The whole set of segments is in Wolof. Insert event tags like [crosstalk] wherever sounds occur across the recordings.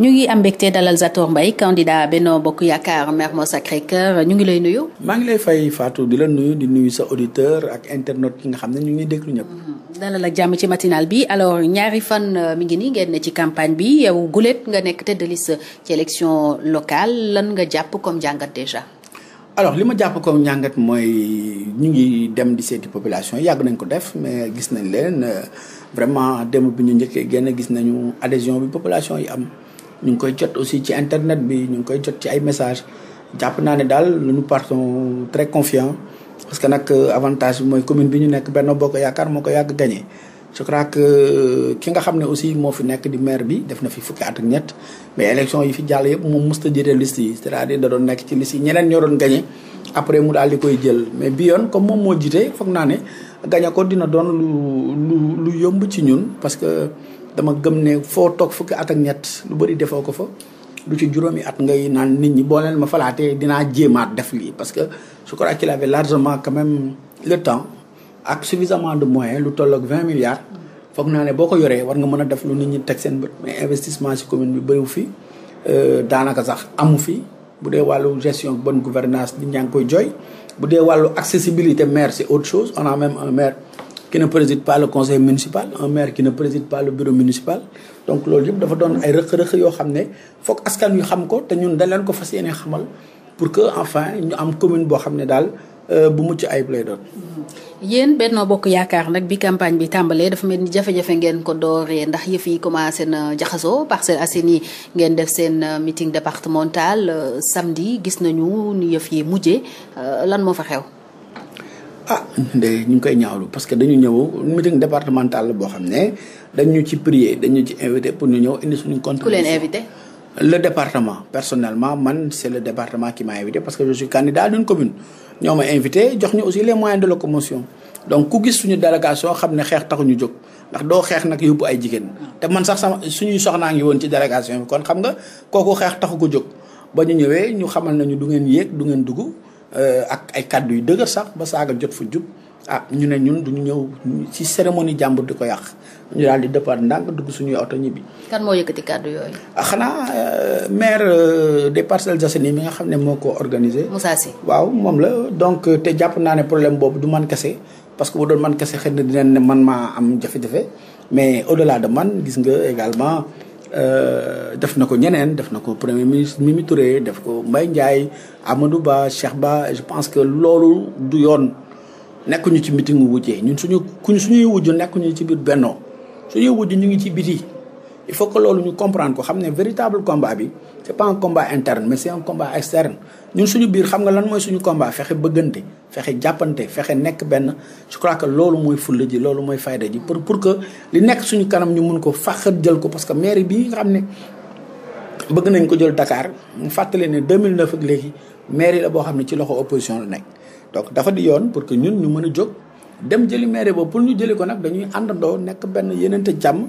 ñu ngi am mbégte dalal sa Zator Mbaye candidat Benno Bokk Yaakaar Mermoz Sacré-Cœur ñu ngi lay nuyu. maa ngi lay fay Fatou di la nuyu di nuyu sa auditeur ak internaute ki nga xam ne ñu ngi déglu ñëpp. Mm-hmm. dalal ak jàmm ci matinal bi alors ñaari fan euh, mi ngi nii ngeen ne ci campagne bi yow gulet nga nekk tête de liste ci élection lan nga jàpp comme jàngat déjà. alors li ma jàpp comme njàngat mooy ñu ngi dem di seeti population yàgg nañ ko def mais gis nañ leen euh, vraiment dem bi ñu njëkkee génn gis nañu adhésion bi population yi am. ñu ngi koy jot aussi ci internet bi ñu ngi koy jot ci ay message jàpp naa ne daal nous partons très confiants parce que nag euh, avantage bi mooy commune bi ñu nekk Benno Bokk Yaakaar moo ko yàgg gagné. je crois que euh, ki nga xam ne aussi moo fi nekk di maire bi def na fi fukki at ak ñett mais élection yi fi jàll yëpp moom musta jëlee liste yi c'est-à-dire da doon nekk ci liste yi ñeneen ñoo doon gagné après mu daal di koy jël mais bi yoon comme moom moo jiite foog naa ne gagné ko dina doon lu lu lu yomb ci ñun parce que. dama gëm ne foo toog fukki at ak ñett lu bëri defoo ko fa lu ci juróomi at ngay naan nit ñi boo leen ma falaatee dinaa jéemaat def lii parce que su je crois qu'il avait largement quand même le temps ak suffisamment de moyen lu toll ak vingt milliards foog naa ne boo ko yoree war nga mën a def lu nit ñi teg seen bët mais investissement ci commune bi bëriwu fi euh, daanaka sax amu fi bu dee wàllu gestion bonne gouvernance nit ñaa ngi koy joy bu dee wàllu accessibilité maire c'est autre chose on maire qui ne préside pas le conseil municipal un maire qui ne préside pas le bureau municipal donc loolu yëpp dafa doon ay rëq-rëq yoo xam ne foog askan wi xam ko te ñun dañ leen ko fas yéene xamal pour que enfin ñu am commune boo xam ne daal euh, bu mucc ayib lay doon. Mm-hmm. yéen Benno Bokk Yaakaar nag bi campagne bi tàmbalee dafa mel ni jafe-jafe ngeen ko dooree ndax yëf yi commencé na jaxasoo Parcelles Assainies ngeen def seen euh, meeting départemental euh, samedi gis nañu ni yëf yi mujjee lan moo fa xew. ah de ñu ngi koy ñaawlu parce que dañu ñëw meeting départemental boo xam ne dañu ci prier dañu ci invité pour ñu ñëw indi suñu contribution. ku leen invité. le département personnellement man c' le département qui m'a invité parce que je suis candidat d' une commune ñoo ma invité jox ñu aussi les moyens de locomotion donc ku gis suñu délégation xam ne xeex taxuñu jóg ndax doo xeex nag yóbbu ay jigéen te man sax sama suñuy soxnaa ngi woon ci délégation bi kon xam nga kooku xeex taxu ko jóg ba ñu ñëwee ñu xamal nañu du ngeen yéeg du ngeen dugg Euh, ak ay kàddu yu dëgër sax ba saaga jot fa jub ah ñu ne ñun du ñu ñëw ci cérémonie jàmbur di ko yàq ñu daal di départ ndànk dugg suñuy oto ñibbi. kan moo yëkkati kàddu yooyu. Ah, xanaa euh, maire euh, des Parcelles Assainies mi nga xam ne moo ko organisé. Moussa Sy waaw moom la donc te jàpp naa ne problème boobu du man kese parce que bu doon man kese xëy di dinañ ne man maa am jafe-jafe mais au delà de man gis nga également. Euh, def na ko ñeneen def na ko premier ministre Mimi Touré def ko Mbaye Ndiaye Amadou Ba Cheikh Ba je pense que loolu du yoon nekkuñu ci meeting wu wujjee ñun suñu kuñ suñuy wujj nekkuñu ci biir bennoo suñuy wujj ñu ngi ci biti il faut que loolu ñu comprendre ko xam ne véritable combat bi c' est pas un combat interne mais c' est combat externe ñun suñu biir xam nga lan mooy suñu combat fexe bëggante fexe jàppante fexe nekk benn je crois que loolu mooy fulla ji loolu mooy fayda ji pour pour que li nekk suñu kanam ñu mun ko fàqat jël ko parce que mairie bi nga xam ne bëgg nañ ko jël Dakar mu fàttali ne 2009 ak léegi mairie la boo xam ne ci loxo opposition la nekk donc dafa di yoon pour que ñun ñu mën a jóg dem jëli mairie boobu ñu jëli ko nag dañuy àndandoo nekk benn yenente jàmm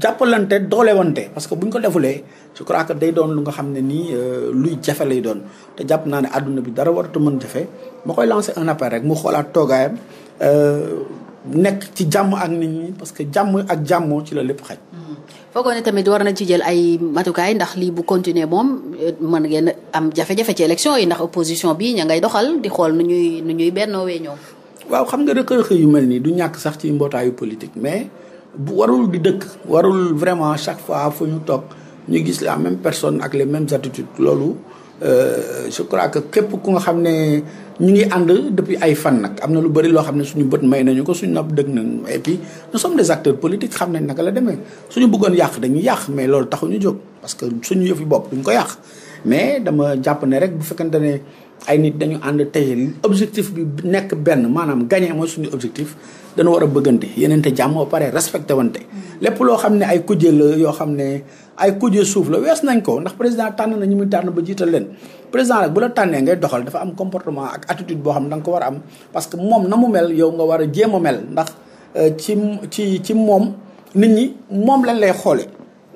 jàppalante doolewante parce que bu ñu ko defulee je crois que day doon lu nga xam ne nii euh, luy jafe lay doon te jàpp naa ne àdduna bi dara waratu mën jafe ma koy lancer un rek mu xoolaat toogaayam euh, nekk ci jàmm ak nit parce que jàmm ak jàmmoo ci la lépp xaj. Hmm. foogoo ne tamit war nañ ci jël ay matukaay ndax lii bu continuer moom euh, mën ngeen am jafe-jafe ci élection yi ndax opposition bi ña ngay doxal di xool nu ñuy nu ñuy bennoowee ñoom. waaw xam nga rëq-rëq yu mel nii du ñàkk sax ci mbootaayu politique mais. bu warul di dëkk warul vraiment chaque fois fu ñu toog ñu gis la même personne ak les mêmes attitudes loolu euh, je crois que képp ku nga xam ne ñu ngi ànd depuis ay fan nag am na lu bëri loo xam ne suñu bët may nañu ko suñu nopp dëgg nañu et puis nous sommes des acteurs politiques xam nañ naka la demee suñu bëggoon yàq dañuy yàq mais loolu taxuñu jóg parce que suñu yëfi bopp duñ ko yàq mais dama jàpp ne rek bu fekkente ne ay nit dañu ànd tey objectif bi nekk benn maanaam gagné mooy suñu objectif dañu war a bëggante yenente jàmm ba pare respecté wante lépp loo xam ne ay kujje la yoo xam ne ay kujje suuf la wees nañ ko ndax président tànn na ñu muy tànn ba jiital leen président nag bu la tànnee ngay doxal dafa am comportement ak attitude boo xam ne da nga ko war am parce que moom na mu mel yow nga war a jéem mel ndax euh, ci ci ci moom nit ñi moom lañ lay xoole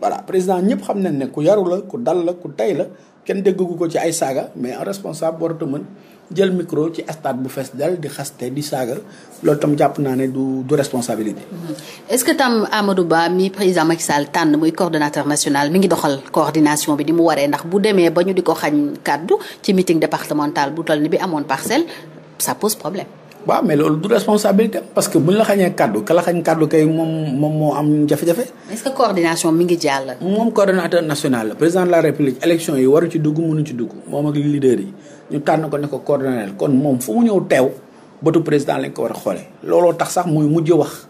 voilà président ñëpp xam nañ ne ku yaru la ku dal la ku tey la kenn déggagu ko ci ay saaga mais un responsable waratu mën jël micro ci stade bu fes dal di xaste di saaga loolu tam jàpp naa ne du du responsabilité. Mm-hmm. est-ce que tam Amadou Ba mi président Macky Sall tànn muy coordonnateur national mi ngi doxal coordination bi di mu waree ndax bu demee ba ñu di ko xañ kàddu ci meeting départemental bu tal ni bi amoon parcelle ça pose problème. waaw mais loolu du responsabilité parce que buñ la xañee kàddu ka la xañ kàddu kay moom moom moo am jafe-jafe. est-ce que coordination mi ngi jàll. moom coordonnateur national la président de la république élection yi waru ci dugg mënu ci dugg moom ak leader yi ñu tànn ko ne ko coordonnateur kon moom fu mu ñëw teew bëtu président lañ ko war a xoolee. looloo tax sax muy mujj wax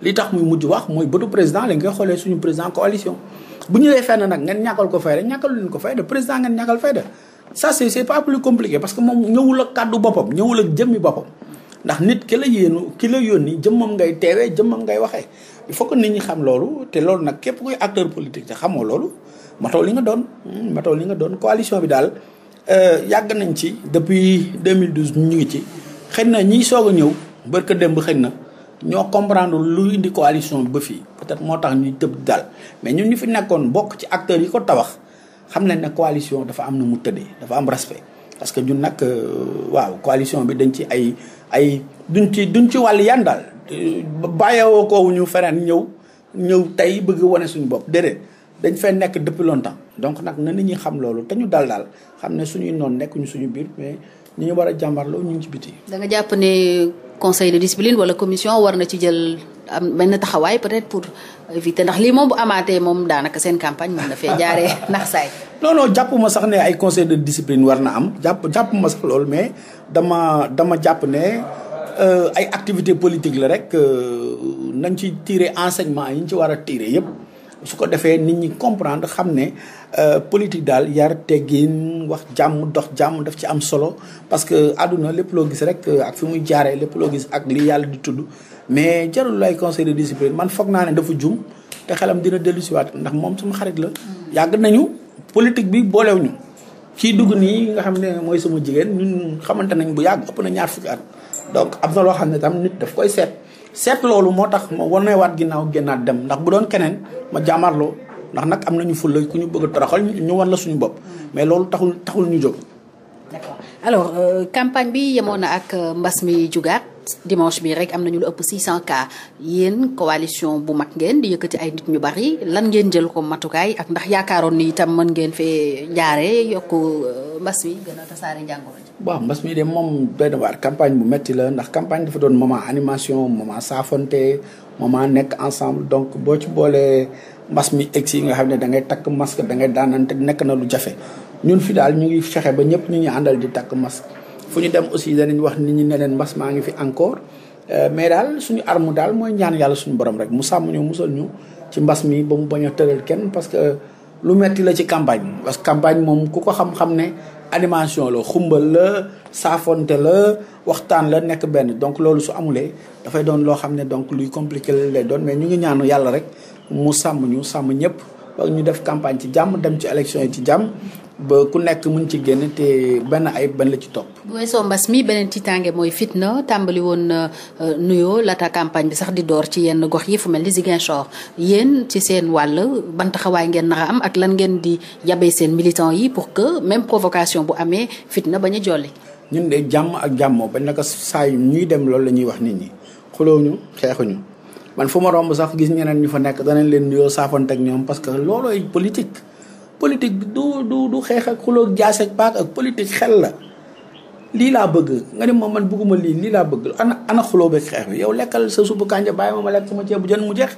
li tax muy mujj wax mooy bëtu président lañ koy xoolee suñu président coalition. bu ñëwee fenn nag ngeen ñàkkal ko fayda ñàkkalu leen ko fayda président ngeen ñàkkal fayda ça c'est c'est parce que moom ñëwul ak kàddu boppam ñëwul ak jëmmi boppam ndax nit ki la yéenu ki la yónni jëmmam ngay teewee jëmmam ngay waxee il faut que nit ñi xam loolu te loolu nag képp kuy acteur politique te xamoo loolu matoo li nga doon hmm, matoo li nga doon coalition bi daal euh, yàgg nañ ci depuis 2012 ñu ngi ci xëy na ñiy soog a ñëw barka démb xëy na ñoo comprendre lu indi coalition bi ba fii peut-être moo tax ñuy tëb daal mais ñun ñu fi nekkoon bokk ci acteur yi ko tabax xam nañ ne coalition dafa am na mu tëddee dafa am respect parce que ñun nag euh, waaw coalition bi dañ ci ay ay duñ ci duñ ci wàll yan daal bàyyeewoo ko ñu feneen ñëw ñëw tey bëgg wane suñu bopp déedéet dañ fee nekk depuis longtemps. donc nag na nit ñi xam loolu te ñu dal daal xam ne suñuy noon nekkuñu suñu biir mais ñu ñu war a jàmbarloo ñu ngi ci biti. da nga jàpp ne conseil de discipline wala commission war na ci jël am benn taxawaay peut-être pour éviter ndax lii moom bu amaatee moom daanaka seen campagne mën na jaaree [laughs] ndax saay. non jàppuma sax ne ay conseil de discipline war na am jàpp jàppuma sax lool mais dama dama jàpp ne euh, ay activité politique la rek euh, nañ ci tirer enseignement yi ñu ci war a tiire yëpp su ko defee nit ñi comprendre xam ne euh, politique daal yar teggin wax jàmm dox jàmm daf ci am solo parce que adduna lépp loo gis rek ak fi muy jaaree lépp loo gis ak li yàlla di tudd mais jarul ay conseil de discipline man foog naa ne dafa jum te xelam dina dellu siwaat ndax moom sama xarit la mm. yàgg nañu politique bi boolewuñu kii dugg nii nga xam ne mooy sama jigéen ñun xamante nañ bu yàgg ëpp na ñaar fukki at donc am na loo xam ne tam nit daf koy seet seet loolu moo tax ma waat ginnaaw génnaat dem ndax bu doon keneen ma jaamarloo ndax nag am nañu fulla ku ñu bëgg a toroxal ñu wan la suñu bopp mais loolu taxul taxul ñu jóg. d'accord alors euh, bi yemoon na ak euh, mbas mi jugaat dimanche bi rek am nañu lu ëpp cent cas yéen coalition bu mag ngeen di yëkkati ay nit ñu bari lan ngeen jël ko matukaay ak ndax yaakaaroon ni itam mën ngeen fee jaaree yokk euh, mbas mi gën a tasaare njàngoro ji. waaw de moom doy na waar campagne bu metti la ndax campagne dafa doon moment animation moment saafonte moment nekk ensemble donc boo ci boolee mbas mi egg si yi nga xam ne da ngay takk masque da ngay daanante nekk na lu jafe ñun fi daal ñu ngi fexe ba ñëpp ñu ngi àndal di takk masque. fu ñu dem aussi danañ wax nit ñi ne leen mbas maa ngi fi encore euh, mais daal suñu arme daal mooy ñaan yàlla suñu borom rek mu sàmm ñu musal ñu ci mbas mi ba mu bañ a tëral kenn parce que lu metti la ci campagne parce que campagne moom ku ko xam-xam ne animation la xumbal la saafonte la waxtaan la nekk benn donc loolu su amulee dafay doon loo xam ne donc luy compliqué la lay doon mais ñu ngi ñaanu yàlla rek mu sàmm ñu sàmm ñëpp ba ñu def campagne ci jàmm dem ci élection yi ci jàmm ba ku nekk mën ci génn te ban ayib ban la ci topp. bu weesoo mbas mi beneen tiitaange mooy fitna tàmbali woon euh, nuyoo laata campagne bi sax di door ci yenn gox yi fu mel ni Ziguinchor yéen ci seen wàll ban taxawaay ngeen nar am ak lan ngeen di yabee seen militant yi pour que même provocation bu amee fitna bañ a jolli. ñun de jàmm ak jàmmoo ba naka saa yu ñuy dem loolu la ñuy wax nit ñi ñu xeexuñu man fu ma romb sax gis ñeneen ñu fa nekk danañ leen nuyoo politique bi du du du xeex ak xuloog jaas ak paak ak politique xel la lii laa bëgg nga ne ma man bëgguma lii lii laa bëgg ana ana xuloo beeg xeex bi yow lekkal sa suppu kànja bàyyi ma ma lekk sama bu jën mu jeex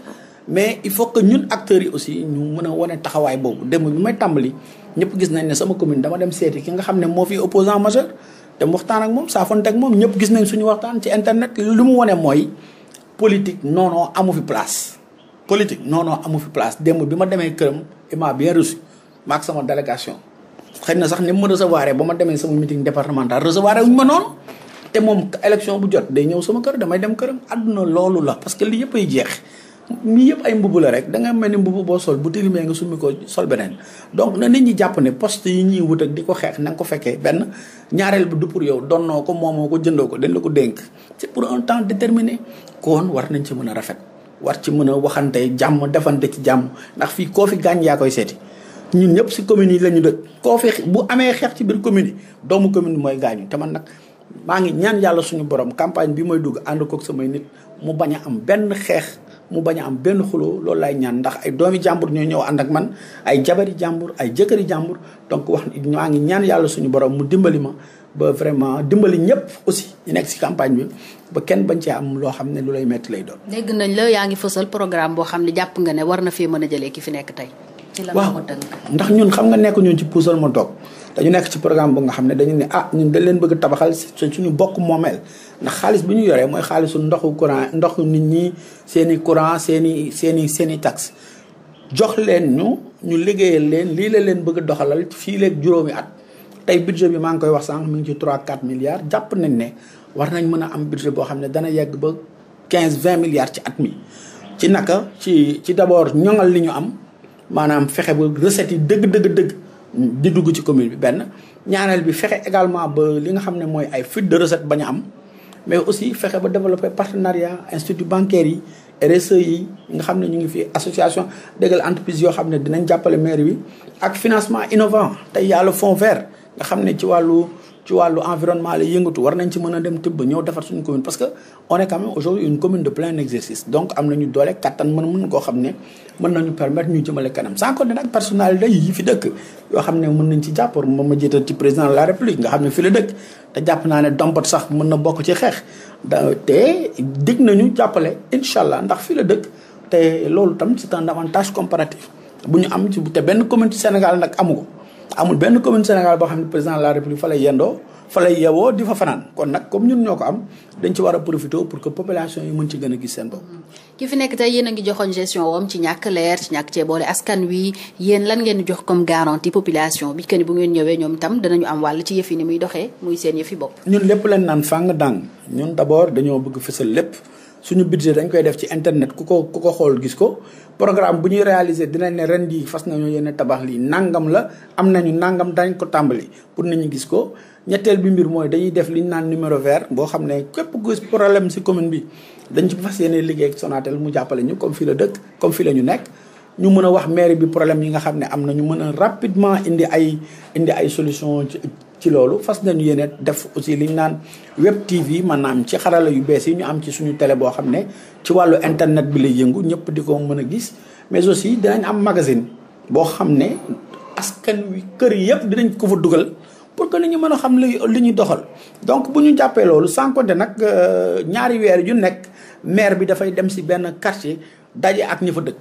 mais i faut que ñun acteurs yi aussi ñu mën a wone taxawaay boobu démb bi may tàmbali ñëpp gis nañ ne sama commune dama dem seeti ki nga xam ne moo fi opposant majeur waxtaan ak moom saafonte ak moom ñëpp gis nañ suñu waxtaan ci internet li mu wane mooy politique non amu fi place politique non amu fi place démb bi ma demee këram il bien reçu maak sama délégation xëy na sax ni mu ma recevoir ba ma demee sama meeting départemental recevoir wuñ ma noonu te moom élection bu jot day ñëw sama kër damay dem këram àdduna loolu la parce que li yëpp ay jeex mii yëpp ay mbubb la rek da nga mel ni mbubb boo sol bu tilimee nga summi koo sol beneen donc na nit ñi jàpp ne poste yi ñuy wut ak di ko xeex na nga ko fekkee benn ñaareel bi du pour yow donnoo ko moomoo ko jëndoo ko dañ la ko dénk c'est pour un temps déterminé kon war nañ ci mën a rafet war ci mën a waxante jàmm defante ci jàmm ndax fii koo fi gaañ koy seeti ñun ñëpp si communes yi la ñu dëkk koo fi bu amee xeex ci biir commune yi doomu commune mooy gaañu te man nag maa ngi ñaan yàlla suñu borom campagne bi may dugg ànd samay nit mu bañ a am benn xeex mu bañ a am benn xuloo loolu laay ñaan ndax ay doomi jàmbur ñoo ñëw ànd man ay jabari jàmbur ay jëkkëri jàmbur donc wax maa ngi ñaan yàlla suñu borom mu dimbali ma ba vraiment dimbali ñëpp aussi ñu nekk ci campagne bi ba kenn bañ cee am loo xam ne lu lay metti lay doon. dégg nañ la yaa ngi fësal boo xam ne jàpp nga ne war na fee mën a jëlee ki fi nekk tey. waaw ndax ñun xam nga nekk ñun ci puusal ma toog dañu nekk ci programme bu nga xam ne dañu ne ah ñun daleen bëgg tabaxal suñu bokk moomeel ndax xaalis bi ñu yoree mooy xaalisu ndoxu courant ndoxu nit ñi seen i courant seen i seen seen i taxe jox leen ñu ñu liggéeyal leen lii la leen bëgg doxalal fii léeg juróomi at tey budget bi maa ngi koy wax sànq mi ngi ci 3 4 milliards jàpp nañ ne war nañ mën a am budget boo xam ne dana yegg ba 15 20 milliards ci at mi ci naka ci ci d'abord ñoŋal li ñu am maanaam fexe ba recettes yi dëgg dëgg dëgg di dugg ci commune bi benn ñaareel bi fexe également ba li nga xam ne mooy ay fuite de recette bañ a am mais aussi fexe ba développer partenariat institut bancaire yi RSE yi nga xam ne ñu ngi fi association dégal entreprise yoo xam ne dinañ jàppale maire bi ak financement innovant tey yàlla fonds vert nga xam ne ci wàllu ci wàllu environnement la yëngatu war nañ ci mën a dem tëbb ñëw defar suñu commune parce que on est quand même aujourd'hui une commune de plein exercice donc am nañu doole kattan mën mën koo xam ne mën nañu permettre ñu jëmale kanam sans compter nag personnalité yi fi dëkk yoo xam ne mën nañ ci jàpp ma ma jiital ci président de la république nga xam ne fi la dëkk te jàpp naa ne dompat sax mën na bokk ci xeex da te dig nañu jàppale incha allah ndax fi la dëkk te loolu tam c'est un avantage comparatif bu ñu am ci te benn commune ci Sénégal nag amu ko amul benn commune Sénégal boo xam ne président de la république fa lay yendoo fa lay yewoo di fa fanaan kon nag comme ñun ñoo ko am dañ ci war a profité pour que population yi mën ci gën a gis seen bopp. ki fi nekk tey yéen ngi joxoon gestion woom ci ñàkk leer ci ñàkk cee askan wi yéen lan ngeen jox comme garantie population bi que bu ngeen ñëwee ñoom tam danañu am wàll ci yëf yi ni muy doxee muy seen yëfi bopp. ñun lépp lañ naan fàng dàng ñun d' abord dañoo bëgg fësal lépp. suñu budget dañ koy def ci internet ku ko ku ko xool gis ko programme bu ñuy réaliser dinañ ne ren jii fas nañoo yéene tabax lii nangam la am na ñu nangam dañ ko tàmbali pour nit ñi gis ko. ñetteel bi mbir mooy dañuy def li naan numéro vert boo xam ne képp ku problème si commune bi dañ ci fas yéene liggéey ak Sonatel mu jàppale ñu comme fii la dëkk comme fii la ñu nekk. ñu mën a wax mairie bi problème yi nga xam ne am na ñu mën a rapidement indi ay indi ay solution ci loolu fas nañu yéene def aussi li ñu naan web TV maanaam ci xarala yu bees yi ñu am ci suñu télé boo xam ne ci wàllu internet bi lay yëngu ñëpp di ko mën a gis mais aussi dinañ am magasin boo xam ne askan wi kër yëpp dinañ ko fa dugal pour que li ñu mën a xam li li ñu doxal donc bu ñu jàppee loolu sans compter nag euh, ñaari weer yu nekk maire bi dafay dem si benn quartier daje ak ñi fa dëkk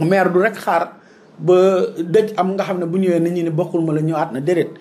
maire du rek xaar ba dëj am nga xam ne bu ñëwee nit ñi ne bokkul ma la ñëwaat na déedéet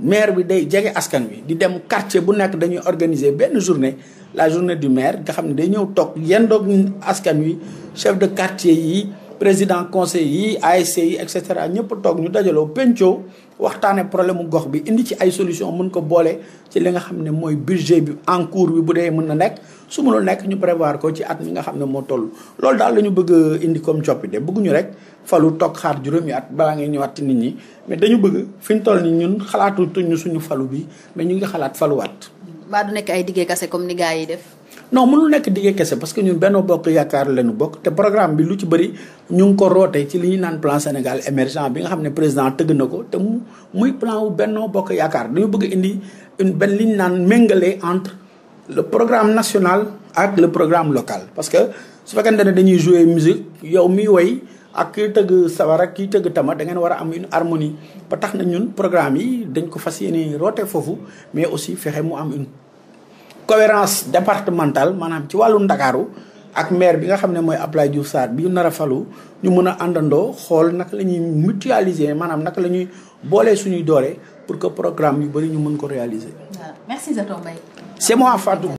maire bi day jege askan wi di dem quartier bu nekk dañuy organiser benn journée la journée du maire nga xam ne day ñëw toog yendoog askan wi chef de quartier yi président conseil yi ASC yi et cetera ñëpp toog ñu dajaloo pencoo waxtaane problème mu gox bi indi ci ay solution mën ko boole ci li nga xam ne mooy budget bi en cours bi bu dee mën na nekk su mënul nekk ñu prévoir ko ci at mi nga xam ne moo toll loolu daal lañu bëgg indi comme coppite bëgguñu rek falu toog xaar juróomi at balaa ngay ñëwaat ci nit ñi mais dañu bëgg fi ñu toll nii ñun xalaatuñu suñu falu bi mais ñu ngi xalaat faluwaat. mbaa du nekk ay diggee kase comme ni gars yi def. non mënul nekk diggee kese parce que ñun Benno Bokk Yaakaar lañu bokk te programme bi lu ci bëri ñu ngi ko roote ci li ñuy naan plan Sénégal émergent bi nga xam ne président tëgg na ko te mu muy plan wu Benno Bokk Yaakaar dañu bëgg indi benn li ñu naan méngale entre. le programme national ak le programme local parce que su fekkente ne dañuy jouer musique yow miy woy ak kiy tëgg sabar ak kiy tëgg tama da ngeen war a am une harmonie ba tax na ñun programme yi dañ ko fas yéene roote foofu mais aussi fexe mu am une cohérence départementale maanaam ci wàllu ndakaaru ak maire bi nga xam ne mooy Abdoulaye Diouf Sarr bi nar a falu ñu mën a àndandoo xool naka la ñuy mutualiser maanaam naka la ñuy boolee suñuy doole pour que programme yu bëri ñu mën ko réaliser. c'est moi Fatou